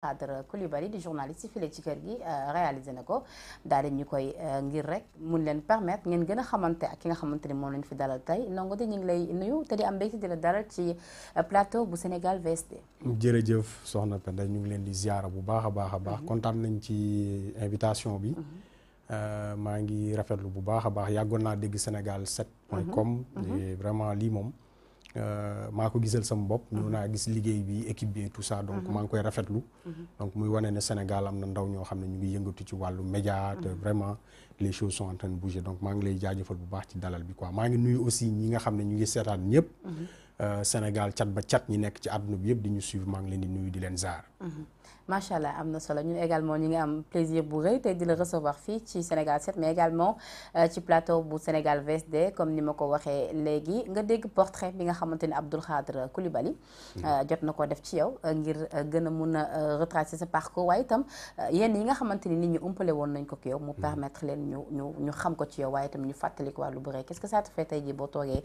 Khadra Coulibaly di journaliste file ci kër gi euh, réalisé na ko daal ñu koy euh, ngir rek mun leen permettre ngeen gën a xamante ak ki nga xamante ni moom lañ fi dalal tey ndongo de ñu ngi lay nuyu te di am mbégte di la dalal ci euh, plateau bu Sénégal VSD. jërëjëf soxna Penda ñu ngi leen di ziara bu baax a baax a baax mhm. kontaan nañ ci invitation bi. Mhm. maa ngi rafetlu bu baax a baax yàggoon naa dégg Sénégal 7 point mhm. vraiment lii moom. Euh, maa ko gisal sama bopp ñëw naa gis liggéey bi équipe bi et tout donc mhm. maa ngi koy rafetlu mhm. donc muy wane ne Sénégal am na ndaw ñoo xam ne ñu ngi yëngatu ci wàllu média te mhm. vraiment les choses sont en donc maa ngi lay jaajëfal bu baax ci dalal bi quoi maa ngi nuyu aussi ñi nga xam ne ñu ngi seetaan ñëpp Euh, Sénégal cat ba cat ñi nekk ci àdduna bi yëpp di ñu suivre maa di leen zaar. macha mhm. allah am na solo ñun également ñu ngi am plaisir bu rëy tey di la recevoir fii ci Sénégal 7 mais également euh, ci plateau bu Sénégal VSD comme ni ma ko waxee léegi nga dégg portrait bi nga xamante ni Abdou Khadre Coulibaly mhm. euh, jot na ko def ci yow ngir gën a mun a retracer sa parcours waaye itam yenn yi nga xamante ni nit ñi umpale woon nañ ko ki yow mu mhm. permettre leen ñu ñu ñu xam ko ci yow waaye itam ñu fàttali ko wàllu bu rëy qu'est-ce boo toogee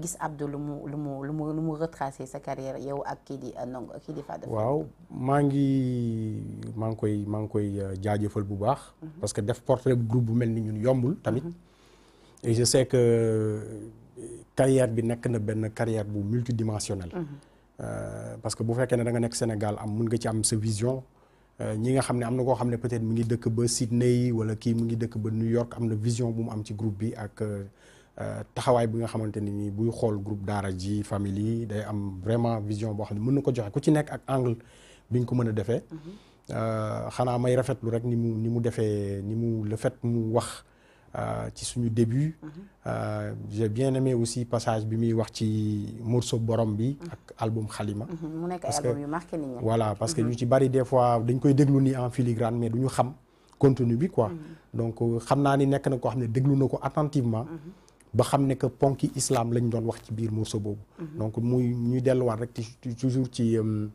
gis Abdou mu nu mu retracé sa carrière yow ak kii di euh, Ndongo kii di Fada waaw maa ngi maa ngi koy maa ngi koy euh, jaajëfal bu baax. Mhm. parce que def portrait groupe bu mel ni ñun yombul tamit. Mhm. et je sais que euh, carrière bi nekk na benn carrière bu multidimensionnelle. Mhm. parce que bu fekkee ne da nga nekk Sénégal am mun nga ci am sa vision. ñi nga xam ne am na koo xam ne peut-être mu ngi dëkk ba Sydney wala kii mu ngi dëkk ba New York am na vision bu mu am ci groupe bi ak. taxawaay bi nga xamante ne nii buy xool groupe daara ji famille yi day am vraiment vision boo xam ne mën na ko joxe ku ci nekk ak angle bi nga ko mën a defee. Mhm. xanaa may rafetlu rek ni mu ni mu defee ni mu le fait mu wax euh, ci suñu début. Mhm. Euh, j'ai bien aimé aussi passage bi muy wax ci morceau borom bi. Mhm. ak album xalima. mu nekk ay album yu marqué nit parce que ñu ci bari des fois dañ koy déglu ni en filigrane mais du ñu xam contenu bi quoi. donc euh, xam naa ni nekk na koo xam ne déglu na ko attentivement. ba xam ne que ponki islam lañ doon wax ci biir morceau boobu. Mhm. donc muy ñuy delluwaat rek ci toujours ci euh,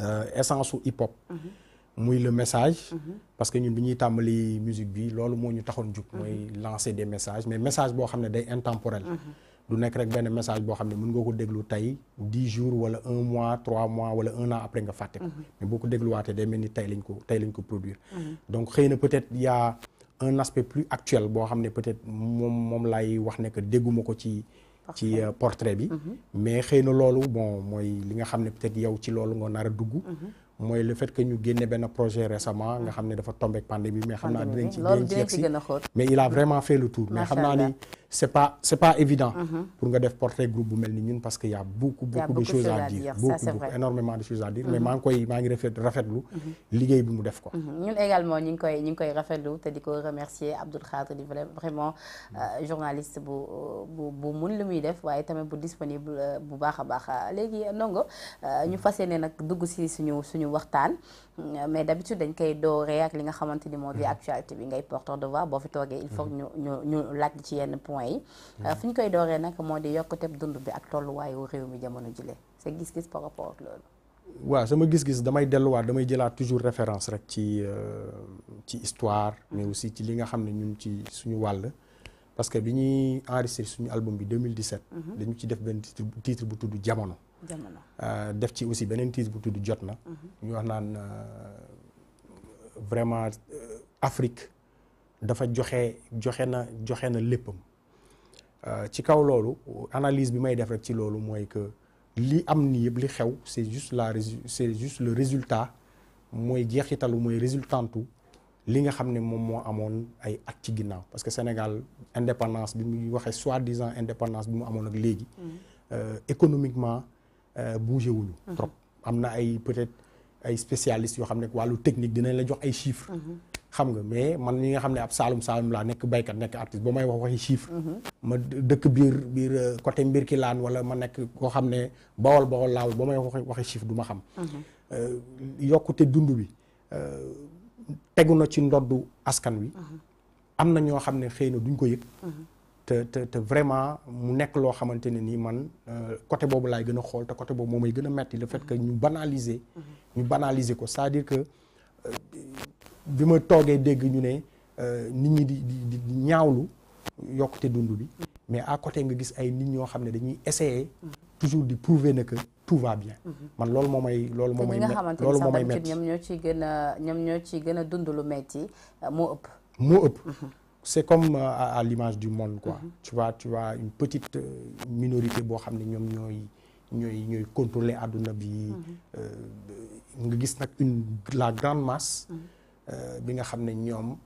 euh, essence su hip hop. Mhm. muy le message. Mhm. parce que ñun bi ñuy tàmbali musique bi loolu moo ñu taxoon jug. mooy lancer des messages mais message boo xam ne day intemporel. du nekk rek benn message boo xam ne mën nga ko déglu tey dix jours wala un mois trois mois wala un an après nga fàtte ko. mais boo ko dégluwaatee day mel ni tey lañ ko tey lañ ko produire. donc un aspect plus actuel boo xam ne peut-être moom moom laay wax ne que dégguma ko ci ci euh, portrait bi mhm. mais xëy na loolu bon mooy li nga xam ne peut yow ci loolu nga nar dugg mhm. mooy le fait que ñu génne benn projet récemment nga ah. xam ne dafa tombé pandémie mais xam naa dinañ ci dinañ ci yegsi mais il a vraiment fait le tour mais xam naa ni c'est pas c'est pas évident mm -hmm. pour nga def portrait groupe bu mel ni ñun parce que y a beaucoup a beaucoup de choses à dire beaucoup, ça, de choses à dire mais uh-huh. maa ngi koy maa ngi rafet rafetlu uh-huh. liggéey bi mu def ko ñun également ñu ngi koy ñu ngi koy rafetlu te di ko remercier Abdoul Khadre di vraiment mm-hmm. euh, journaliste bu bu bu mun li muy def waaye tamit bu disponible euh, bu baax a baax léegi Ndongo euh, ñu mm-hmm. fas ne nag dugg si suñu suñu waxtaan Euh, mais d'habitude dañ koy dooree ak li nga xamante ni moo di mhm. actualité bi ngay porteur de voix boo fi toogee il faut mhm. ñu ñu ñu ci yenn point yi mhm. euh, fi ñu koy dooree nag moo di yokkuteb dund bi ak tolluwaayu réew mi jamono jile sa gis-gis par rapport ak loolu waaw sama gis-gis damay delluwaat damay jëlaat toujours référence rek ci euh, ci histoire mais aussi ci li nga xam ne ñun ci suñu wàll parce que bi ñuy enregistré suñu album bi 2017 dañu ci def benn titre bu tudd jamono Euh, def ci aussi beneen tiis bu tudd jot na mhm. ñu wax naan euh, vraiment euh, Afrique dafa joxe joxe na joxe na léppam ci kaw loolu analyse bi may def rek ci loolu mooy que li am ni yëpp li xew c'est juste la c'est juste le résultat mooy jeexitalu mooy résultantu li nga xam ne moom moo amoon ay at ci ginnaaw parce que Sénégal indépendance bi muy waxee soi-disant indépendance bi mu amoon ak léegi mhm. économiquement Euh, bouge wuñu mhm. trop am na ay peut-être ay spécialistes yoo xam ne wàllu technique dinañ la jox ay chiffres mhm. xam nga mais man mi nga xam ne ab saalum saalum laa nekk baykat nekk artiste ba may wax waxi chiffre mhm. ma dëkk biir biir euh, côté mbir ki laan wala ma nekk koo xam ne bawol bawol laaw ba may wax waxi chiffre du ma xam euh, yokkute dund bi tegu na ci ndoddu askan wi am na ñoo xam ne xëy na duñ ko yëg te te vraiment mu nekk loo xamante ne nii man euh, côté boobu laay gën a xool te côté boobu moom may gën a metti le fait que ñu banaliser. Mm-hmm. ñu banaliser ko c'est-à-dire que euh, bi ma toogee dégg ñu ne euh, nit ñi di di di ñaawlu yokkute dund bi. Mm-hmm. mais à côté nga gis ay nit ñoo xam ne dañuy essayer. Mm-hmm. toujours di prouver ne que tout va bien. man loolu moo may loolu moo may. loolu moo may metti ñoom ñoo ci gën a ñoom ñoo ciy gën a dund lu metti moo ëpp. moo ëpp. c'est comme euh, à, à l'image du monde quoi. Mm -hmm. tu vois une petite euh, minorité boo xam ne ñoom ñooy ñooy ñooy contrôler àdduna bi. Mm-hmm. Euh, nga gis nag une la grande masse. Mm-hmm. bi nga xam ne ñoom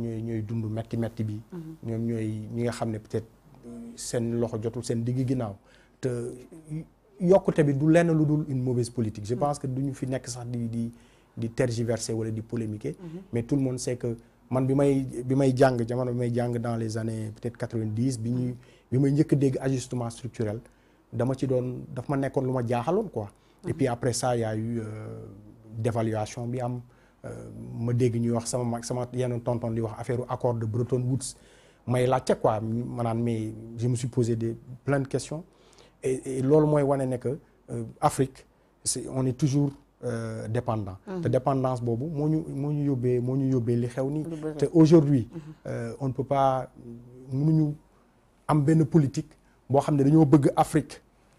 ñooy ñooy dund metti metti bi. Mm-hmm. ñoom ñooy ñi nga xam ne peut-être seen loxo jotul seen digg ginnaaw te yokkute bi du lenn lu dul une mauvaise politique. je pense que du ñu fi nekk sax di di di tergiverser wala di polémiquer. mais tout le monde sait que. man bi may bi may jàng jamono bi may jàng dans les années peut-être quatre-vingt-dix bi ñuy bi may njëkk dégg ajustement structurel dama ci doon daf ma nekkoon lu ma jaaxaloon quoi. et après ça y euh, dévaluation bi am euh, ma dégg ñuy wax sama mag sama yenn tonton di wax affaire accord de Bretton Woods may laajte quoi maanaam mais je me suis posé des plein de questions et loolu mooy wane ne que euh, Afrique c'est on est toujours. Euh, dépendant te dépendance boobu moo ñu moo ñu yóbbee moo ñu yóbbee li xew nii te aujourd'hui euh, on ne peut pas ñu am benn politique boo xam ne dañoo bëgg Afrique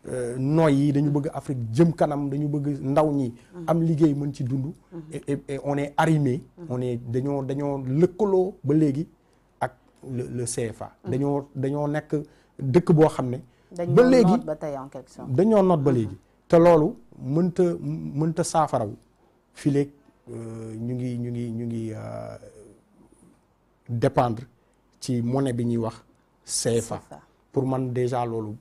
euh, nooy yi dañu bëgg Afrique jëm kanam dañu bëgg ndaw ñi am liggéey mën ci dund et on est arrimé on est dañoo dañoo lëkkaloo ba léegi ak le le CFA dañoo dañoo nekk dëkk boo xam ne ba léegi dañoo noot ba léegi te loolu mënta mënta saafaraw fileeg euh, ñu ngi ñu ngi ñu ngi euh, dépendre ci monnaie bi ñuy wax fa pour man déjà loolu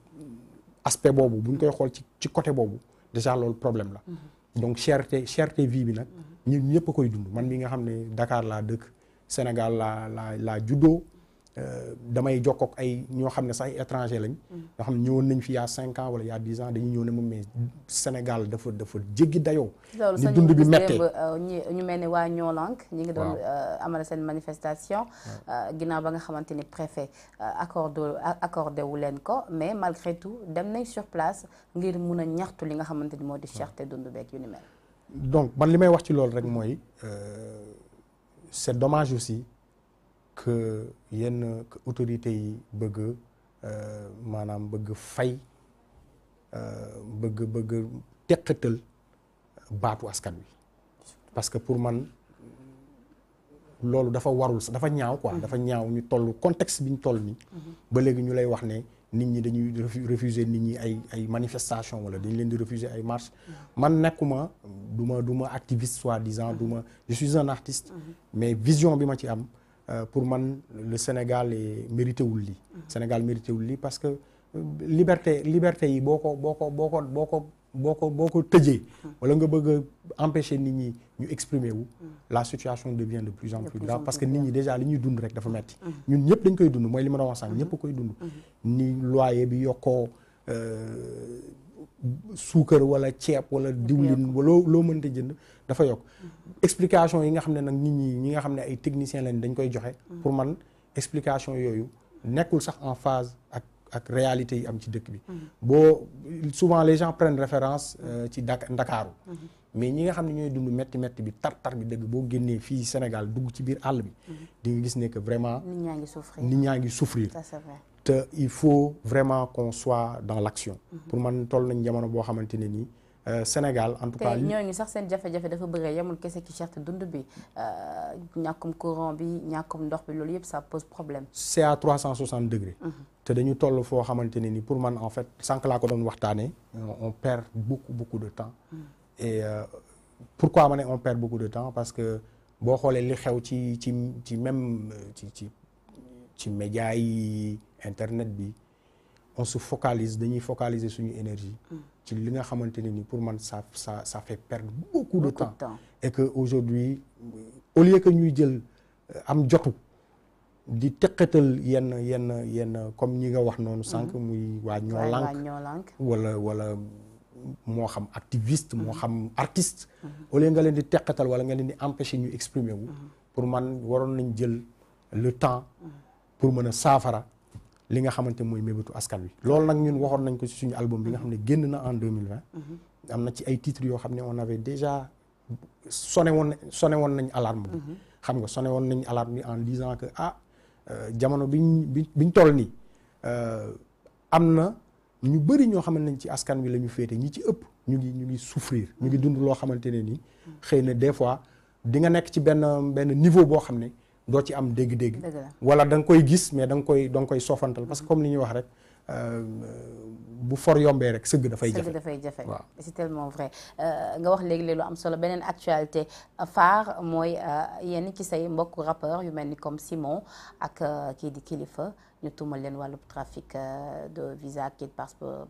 aspect boobu bu ñu koy xool ci ci côté boobu déjà loolu problème la mhm. donc cherté cherté vie bi nag mhm. ñun ñëpp a koy dund man mi nga xam ne Dakar laa dëkk Sénégal laa laa laa Euh, damay jokkook ay ñoo xam ne sax ay étranger lañ. yoo xam nañ fi y' a cinq ans wala y' a dix ans dañuy ñëw ne moom mais Sénégal dafa dafa jéggi dayoo. ni dund bi méttee euh, ñu mel ne waa Ñoolank. ñi ngi doon euh, amal seen manifestation. ginnaaw ba nga xamante ni préfet accordé leen ko mais malgré tout dem nañ sur place ngir mun a ñaxtu li nga xamante ni moo di cherté dund beeg yu ni mel. donc man li may wax ci loolu rek mooy c'est dommage aussi. que yenn autorités yi bëgg euh, maanaam bëgg fay euh, bëgg bëgg teqatal baatu askan wi parce que pour man loolu dafa warul sax dafa ñaaw quoi mm-hmm. dafa ñaaw ñu toll context bi ñu toll ni mm-hmm. ba léegi ñu lay wax ne nit ñi dañuy refuser nit ñi ay ay manifestation wala dañ leen di refuser ay marche mm-hmm. man nekkuma du ma du ma activiste soi-disant du ma je suis un mais vision bi ma ci am Euh, pour man le Sénégal mérité wul lii. Mm-hmm. Sénégal mérité wul lii parce que euh, liberté liberté yi boo ko boo ko boo ko boo ko boo ko boo ko tëjee. Mm-hmm. wala nga bëgg a empêcher nit ñi ñu exprimer wu. Mm-hmm. la situation devient de plus en plus grave parce que nit ñi déjà li ñuy dund rek dafa metti ñun ñëpp dañ koy dund mooy li ma doon wax sànq ñëpp koy dund. ni loyer bi yokkoo. Euh, suukar wala ceeb wala diwlin loo loo mënta jënd. dafa yokk explication yi nga xam ne nag nit ñi ñi nga xam ne ay techniciens lañ dañ koy joxe pour man explication yooyu nekkul sax en phase ak ak réalité yi am ci dëkk bi boo souvent les gens prennent référence euh, ci dak ndakaaru mais ñi nga xam ne ñooy dund métti métti bi tar tar bi dëgg boo génnee fii Sénégal dugg ci biir àll bi di nga gis ne que vraiment nit ñaa ngi souffrir te il faut vraiment qu'on soit dans l'action pour man toll nañ jamono boo xamante ne nii Euh, Sénégal en tout cas. te ñooñu sax seen jafe-jafe dafa bëri yemul kese ci cherté dund bi euh, ñàkkum courant bi ñàkkum ndox bi loolu yëpp ça pose problème. c'est à 360 degrés. Mhm. te dañu toll foo xamante ne ni pour man en fait sànq laa ko doon waxtaanee. Euh, on perd beaucoup beaucoup de temps. Mhm. et pourquoi ma ne on perd beaucoup de temps parce que boo xoolee li xew ci ci ci même ci ci ci médias yi internet bi. on se focalise dañuy focaliser suñu énergie mm. ci li nga xamante ne ni pour man sa ça ça fait perdre beaucoup, beaucoup de, temps. et que aujourd'hui au lieu que ñuy jël euh, am jotu di teqatal yenn yenn yenn comme ñi nga wax noonu sànq mm-hmm. muy waa ñoo lànk wala wala moo xam activiste moo mm-hmm. xam artiste mm-hmm. au nga leen di teqatal wala nga leen di empêcher ñu exprimer wu pour man waroon nañ jël le temps pour mën a saafara li nga xamante mooy mébétu askan wi loolu nag ñun waxoon nañ ko ci suñu album bi nga xam ne génn na en 2020 mm-hmm. am na ci ay titres yoo xam ne on avait déjà sonné woon sonné woon nañ alarme bi mm-hmm. xam nga sonné woon nañ alarme bi en disant que ah euh, jamono biñ bi biñ toll nii euh, am na ñu bëri ñoo xamante nañ ci askan wi la ñu féete ñi ci ëpp ñu ngi ñu ngi souffrir ñu ngi mm-hmm. dund loo xamante ne nii xëy na des fois di nga nekk ci benn benn niveau boo xam ne doo ci am dégg-dégg wala da nga koy gis mais da nga koy da koy soofantal parce que comme li ñuy wax rek euh, bu for yombee rek sëgg dafay jafe sëgg jafe waaw c'est euh, nga wax léegi lu am solo beneen actualité euh, phare mooy yenn ci say mbokk rappeur yu mel ni comme Simon ak kii di Kilifeu ñu tuumal leen wàllu trafic euh, de visa kit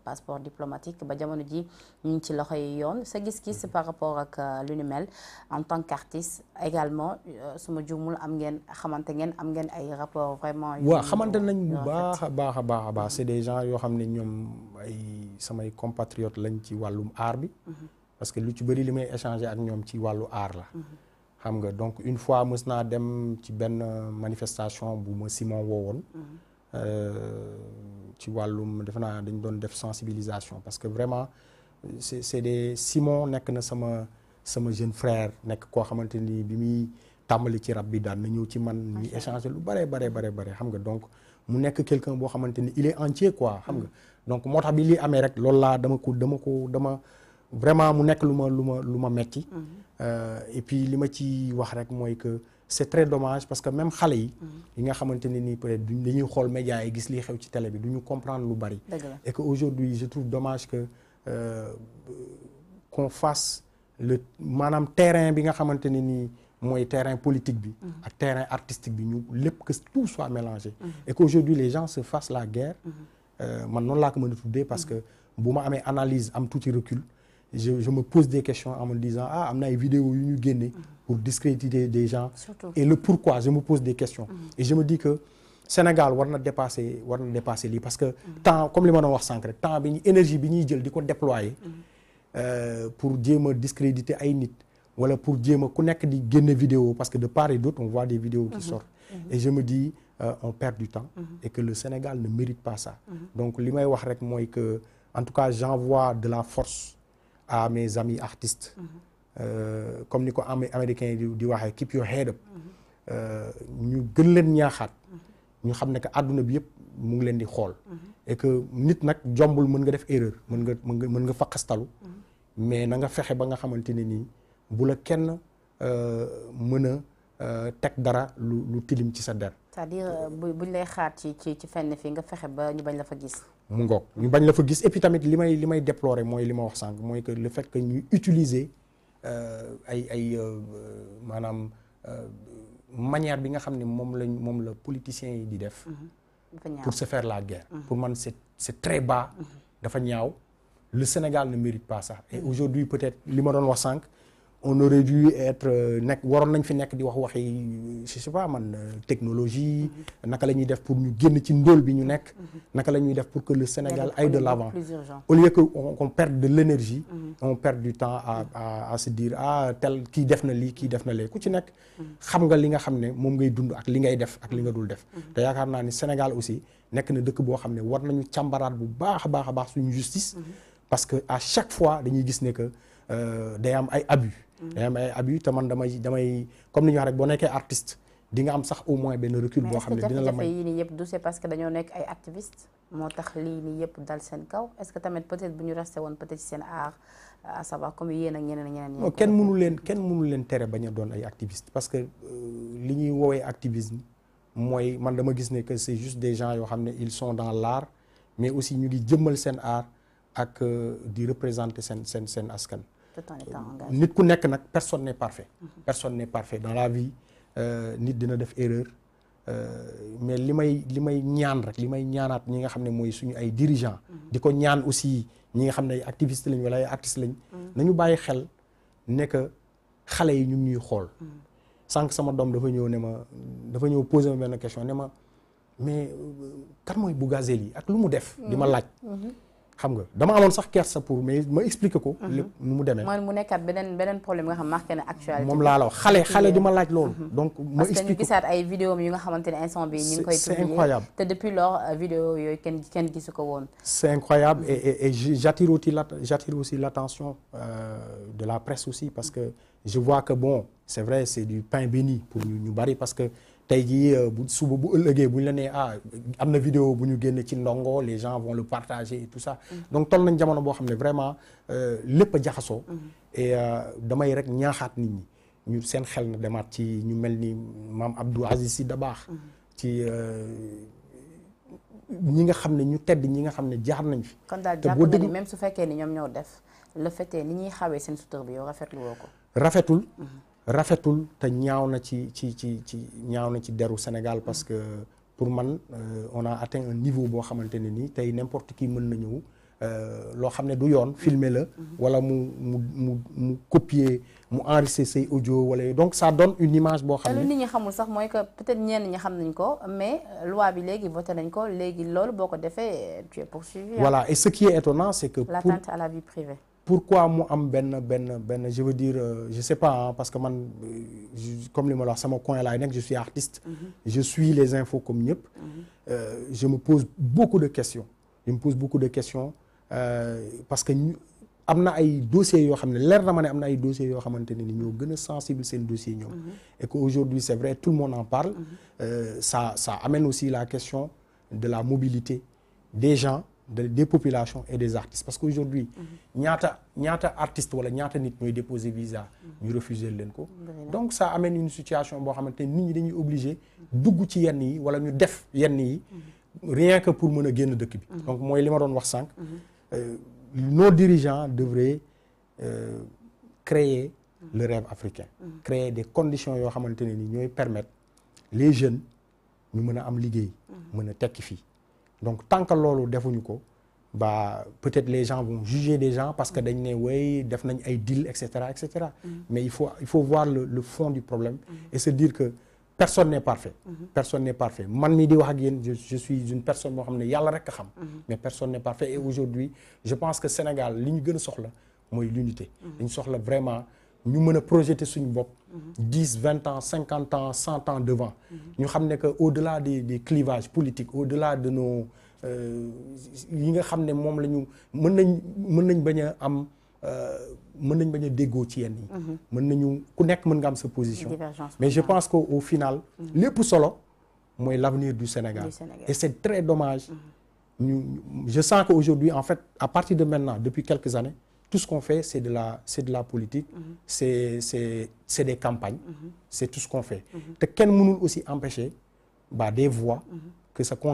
passeport diplomatique ba jamono ji ñu ngi ci loxoy yoon sa gis-gis par rapport ak euh, lu ni mel en tant qu'artiste également euh, suma juumul am ngeen xamante ngeen am ngeen ay rapport vraiment waaw xamante nañ bu baax a baax a baax a baax c'est des gens yoo xam ne ñoom ay samay compatriotes lañ ci wàllum aar bi mhm. parce que lu ci bëri li may échanger ak ñoom ci wàllu aar la mhm. xam nga donc une fois mës naa dem ci benn manifestation bu ma Simon woowoon mhm. Euh, ci wàllu defe naa dañ doon def sensibilisation parce que vraiment c'est c'est des Simon nekk na sama sama jeune frère nekk koo xamante ni bi muy tàmbali ci rab bi daan na ñëw ci man ñuy échanger lu bare bare bare bare xam nga donc mu nekk quelqu'un boo xamante ni il est entier quoi xam nga mm. donc moo tax bi lii amee rek loolu laa dama ko dama ko dama vraiment mu nekk lu ma lu ma lu ma metti mm-hmm. euh, et puis li ma ci wax rek mooy que c' est très dommage parce que même xale yi. Mm-hmm. yi nga xamante ne nii peut être duñ dañuy xool média yi gis lii xew ci télé bi du ñu comprendre lu bari. et que aujourd'hui je trouve dommage que euh, qu'on fasse le maanaam terrain bi nga xamante ne nii. mooy terrain politique bi mm-hmm. ak terrain artistique bi ñu lépp que tout soit mélangé mm-hmm. et qu'aujourd'hui les gens se fassent la guerre euh, man noonu laa ko mën a tuddee parce que bu ma amee analyse am tuuti recul je je me pose des questions en me disant ah am na ay vidéos yu ñu génne. pour discréditer des gens. et le pourquoi je me pose des questions. Mm-hmm. et je me dis que Sénégal war na dépasser lii parce que. Mm-hmm. temps comme li ma doon wax sànq rek temps bi ñu énergie bi ñuy jël di ko déployer. Mm-hmm. Euh, pour jéem a discréditer ay nit. wala pour jéem a ku nekk di génne vidéo parce que de part et d'autre on voit des vidéos qui sortent. et je me dis euh, on perd du temps. et que li may wax rek mooy que en tout cas j'envoie de la force. à mes amis artistes. Mhm. Euh, comme ni ko am américain di di waxee keep your head up. Euh, ñu gën leen ñaaxaat. Mhm. ñu xam ne que àdduna bi yëpp mu ngi leen di xool. Mhm. et nit nag jombul mën nga def erreur mën nga mën nga mën nga mais na nga fexe ba nga xamante ne nii bu la kenn euh, mën a. teg dara lu lu tilim ci sa der. c'est-à-dire buñ lay xaar ci ci fenn fii nga fexe ba ñu bañ la fa gis. mu ngoog ñu bañ la fa gis et tamit li may li may déplorer mooy li ma wax sànq mooy que le fait que ñu utiliser euh, ay ay euh, maanaam euh, manière bi nga xam ne moom lañ moom la politiciens yi di def. Mhm. pour se faire la guerre. Mhm. pour man c'est c'est très bas. Mhm. dafa ñaaw le Sénégal ne mérite pas ça aujourd'hui peut-être li ma doon wax sànq. on aurait dû être euh, nekk waroon nañ fi nekk di wax waxi je sais pas man euh, technologie naka la ñuy def pour ñu génn ci ndóol bi ñu nekk naka la ñuy def pour que le Sénégal aille de l'avant au lieu que on perde de l'énergie mhm. on perd du temps à à à se dire ah tel kii def na lii kii def na lee ku ci nekk mhm. xam nga li nga xam ne moom ngay dund ak li ngay def ak li nga dul def mhm. te yaakaar naa ni Sénégal aussi nekk na dëkk boo xam ne war nañu càmbaraat bu baax a baax baax suñu justice parce que à chaque fois dañuy gis ne que euh, day am ay abus day am ay abus te man comme ni ñu wax rek boo nekkee artiste di nga am sax au moins benn recul boo xam ne dina la may yii nii yëpp du c'est parce que dañoo nekk ay moo tax lii nii seen kaw est-ce que tamit peut-être bu ñu resté woon peut seen art à savoir comme kenn mënu leen kenn mënu leen tere bañ a doon ay parce que euh, li ñuy woowee activisme mooy man dama gis ne que c'est juste des gens yoo xam ne ils sont dans laar mais aussi ñu ngi jëmmal seen art ak euh, di représenter seen seen seen askan Euh, nit ku nekk nag personne n'est parfait mhm. personne n'est parfait dans la vie euh, nit dina def erreur euh, mais li may li may ñaan rek li may ñaanaat ñi nga xam ne mooy suñu ay dirigeant mhm. di ko ñaan aussi ñi nga xam ne ay activiste lañ wala ay artiste lañ mhm. nañu bàyyi xel ne que xale yi ñu ñuy xool sànq sama doom dafa ñëw ne ma dafa ñëw posé ma benn question ne ma mais kan mooy Bougazelli yi ak lu mu def di ma laaj xam nga dama amoon sax kersa pour mais ma expliquer ko. Mhm. lépp nu mu demee. mooy mu nekkaat beneen beneen problème nga xam marqué na actualité. moom laa la xale xale di ma laaj loolu. Mhm. donc ma expliquer ko parce gisaat ay vidéo yu nga xamante ne instant bi ñu ngi koy. c'est incroyable te depuis lors euh, vidéo yooyu kenn kenn ko woon. c'est incroyable et et et j'attire aussi la j'attire euh, de la presse aussi parce que je vois que bon c'est vrai c'est du pain béni pour ñu bari tey jii euh, bu suba bu ëllëgee bu ñu la nee ah am na vidéo bu ñu génnee ci ndongo les gens vont le partager et tout ça mm. donc toll nañ jamono boo xam ne vraiment euh, lépp a jaxasoo mm. et euh, damay rek ñaaxaat nit ñi ñu seen xel na demaat ci ñu mel ni maam Abdou Aziz Sy baax mm. ci ñi nga xam ne ñu tedd ñi nga xam ne jaar nañ fi kon daal jàpp nga ni même su fekkee ni ñoom ñoo def le fait ni ñuy xawee seen sutur bi yow rafetlu woo ko rafetul mm-hmm. rafetul te ñaaw na ci ci ci ci ñaaw na ci deru Sénégal parce que pour man euh, on a atteint un niveau boo xamante ne nii tey n'importe kii mën na ñëw euh, loo xam ne du yoon filmer la mhm. wala mu mu mu mu mu enregistrer say audio wala donc ça donne une image boo xam ne nit euh, ñi xamul sax mooy que peut-être ñenn ñi xam nañ ko mais loi bi léegi voté nañ ko léegi loolu boo ko defee tu es poursuivi voilà et ce qui est c'est que l'atteinte la vie privée pourquoi mu am benn benn benn je veux dire euh, je sais pas parce que man euh, comme li ma la wax sama coin laay nekk je suis artiste. Mm -hmm. je suis les infos comme ñëpp. Mm -hmm. euh, je me pose beaucoup de questions. je me de questions euh, parce que ñu am na ay dossiers yoo xam ne leer na ma ne am na ay dossiers yoo xamante ne ni ñoo gën a sensible seen dossier ñoom. Mm-hmm. et que aujourd'hui c'est vrai tout le monde en parle. Mm-hmm. Euh, ça ça aussi la question de la mobilité des gens. de, des populations et des artistes parce que aujourd'hui mhm. ñaata ñaata artiste wala ñaata nit ñooy déposer visa mhm. ñu refuser leen ko donc ça amène une situation boo xamante nit ñi dañuy obligé dugg ci yenn yi wala ñu def yenn yi mhm. rien que pour mën a génn dëkk bi donc mooy li ma doon wax sànq euh, nos dirigeants devraient euh, créer le rêve africain créer des conditions yoo xamante ne ni ñooy permettre les jeunes ñu mën a am liggéey mën a tekki fii donc tant que loolu defuñu ko ba peut-être les gens vont juger des gens parce que dañ ne wey def nañ ay deal et cetera et mm-hmm. mais il faut il voir le fond du problème. Mm-hmm. et se dire que personne n'est parfait. Mm-hmm. personne n'est parfait man mii di wax ak yéen je suis une personne boo xam ne yàlla rek a xam. mais personne n'est parfait et aujourd'hui je pense que Sénégal li ñu gën a soxla mooy l'unité. ñu soxla vraiment. ñu mën a projeter suñu bopp. dix vingt ans cinquante ans cent ans devant. ñu xam ne que au delà des des clivages politiques au delà de nos euh, yi nga xam ne moom la ñu mën nañ mën nañ bañ a am. Euh, mën nañ bañ a déggoo ci yenn yi. mën nañu ku nekk mën nga am sa position. mais je pense que au final. lépp solo mooy l' avenir du Sénégal. du et c' très dommage. ñu mm -hmm. je sens que aujourd'hui en fait à partir de maintenant depuis quelques années. tout ce qu'on fait, c'est de la, c'est de la politique, mm -hmm. c'est, c'est, c'est des campagnes, mm -hmm. c'est tout ce qu'on fait. Mhm. Te mm -hmm. qu aussi empêcher bah, des voix mhm. que ça qu'on